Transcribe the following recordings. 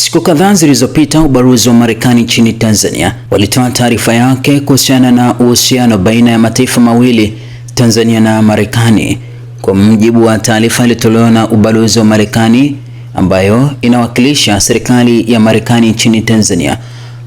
Siku kadhaa zilizopita ubalozi wa Marekani nchini Tanzania walitoa taarifa yake kuhusiana na uhusiano baina ya mataifa mawili, Tanzania na Marekani. Kwa mujibu wa taarifa iliyotolewa na ubalozi wa Marekani ambayo inawakilisha serikali ya Marekani nchini Tanzania,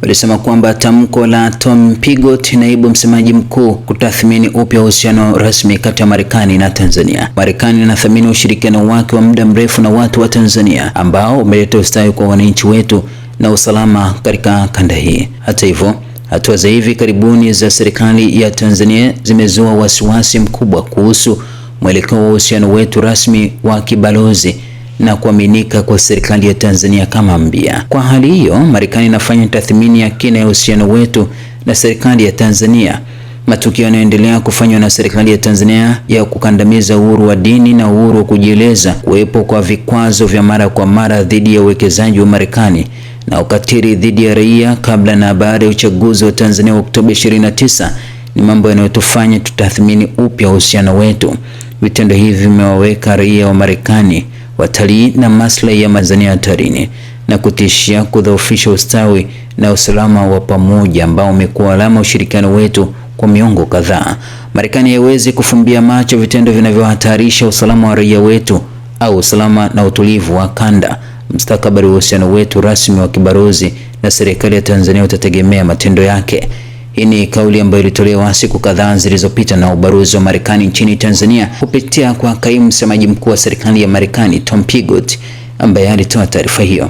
walisema kwamba tamko la Tom Pigott, naibu msemaji mkuu, kutathmini upya uhusiano rasmi kati ya Marekani na Tanzania. Marekani inathamini ushirikiano wake wa muda mrefu na watu wa Tanzania ambao umeleta ustawi kwa wananchi wetu na usalama katika kanda hii. Hata hivyo, hatua za hivi karibuni za serikali ya Tanzania zimezua wasiwasi mkubwa kuhusu mwelekeo wa uhusiano wetu rasmi wa kibalozi na kuaminika kwa serikali ya Tanzania kama mbia. Kwa hali hiyo, Marekani inafanya tathmini ya kina ya uhusiano wetu na serikali ya Tanzania. Matukio yanayoendelea kufanywa na serikali ya Tanzania ya kukandamiza uhuru wa dini na uhuru wa kujieleza, kuwepo kwa vikwazo vya mara kwa mara dhidi ya uwekezaji wa Marekani na ukatili dhidi ya raia kabla na baada ya uchaguzi wa Tanzania wa Oktoba 29 ni mambo yanayotufanya tutathmini upya uhusiano wetu. Vitendo hivi vimewaweka raia wa Marekani watalii na maslahi ya mazania hatarini na kutishia kudhoofisha ustawi na usalama wa pamoja ambao umekuwa alama ushirikiano wetu kwa miongo kadhaa. Marekani haiwezi kufumbia macho vitendo vinavyohatarisha usalama wa raia wetu au usalama na utulivu wa kanda. mstakabari wa uhusiano wetu rasmi wa kibalozi na serikali ya Tanzania utategemea matendo yake. Hii ni kauli ambayo ilitolewa siku kadhaa zilizopita na ubalozi wa Marekani nchini Tanzania kupitia kwa kaimu msemaji mkuu wa serikali ya Marekani Tom Pigott ambaye alitoa taarifa hiyo.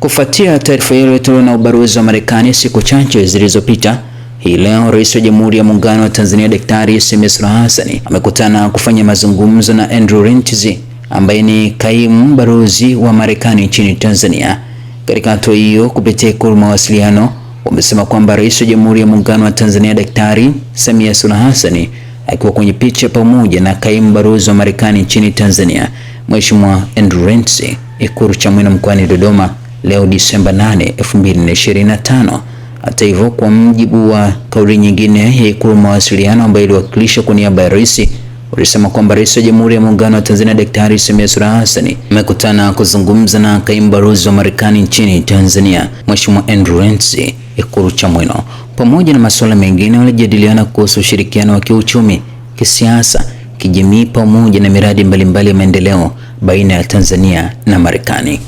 Kufuatia taarifa hiyo iliyotolewa na ubalozi wa Marekani siku chache zilizopita, hii leo Rais wa Jamhuri ya Muungano wa Tanzania Daktari Samia Suluhu Hassan amekutana kufanya mazungumzo na Andrew Rintzi ambaye ni kaimu balozi wa Marekani nchini Tanzania. Katika hatua hiyo, kupitia ikulu mawasiliano wamesema kwamba Rais wa Jamhuri ya Muungano wa Tanzania Daktari Samia Suluhu Hassan akiwa kwenye picha pamoja na kaimu balozi wa Marekani nchini Tanzania Mheshimiwa Andrew Rensi Ikulu Chamwino mkoani Dodoma leo Disemba 8, 2025. Hata hivyo, kwa mjibu wa kauli nyingine ya Ikulu mawasiliano ambayo iliwakilisha kwa niaba ya rais, walisema kwamba Rais wa Jamhuri ya Muungano wa Tanzania Daktari Samia Suluhu Hassan amekutana kuzungumza na kaimu balozi wa Marekani nchini Tanzania Mheshimiwa Andrew Rensi Ikulu Chamwino. Pamoja na masuala mengine, walijadiliana kuhusu ushirikiano wa kiuchumi, kisiasa, kijamii pamoja na miradi mbalimbali ya maendeleo baina ya Tanzania na Marekani.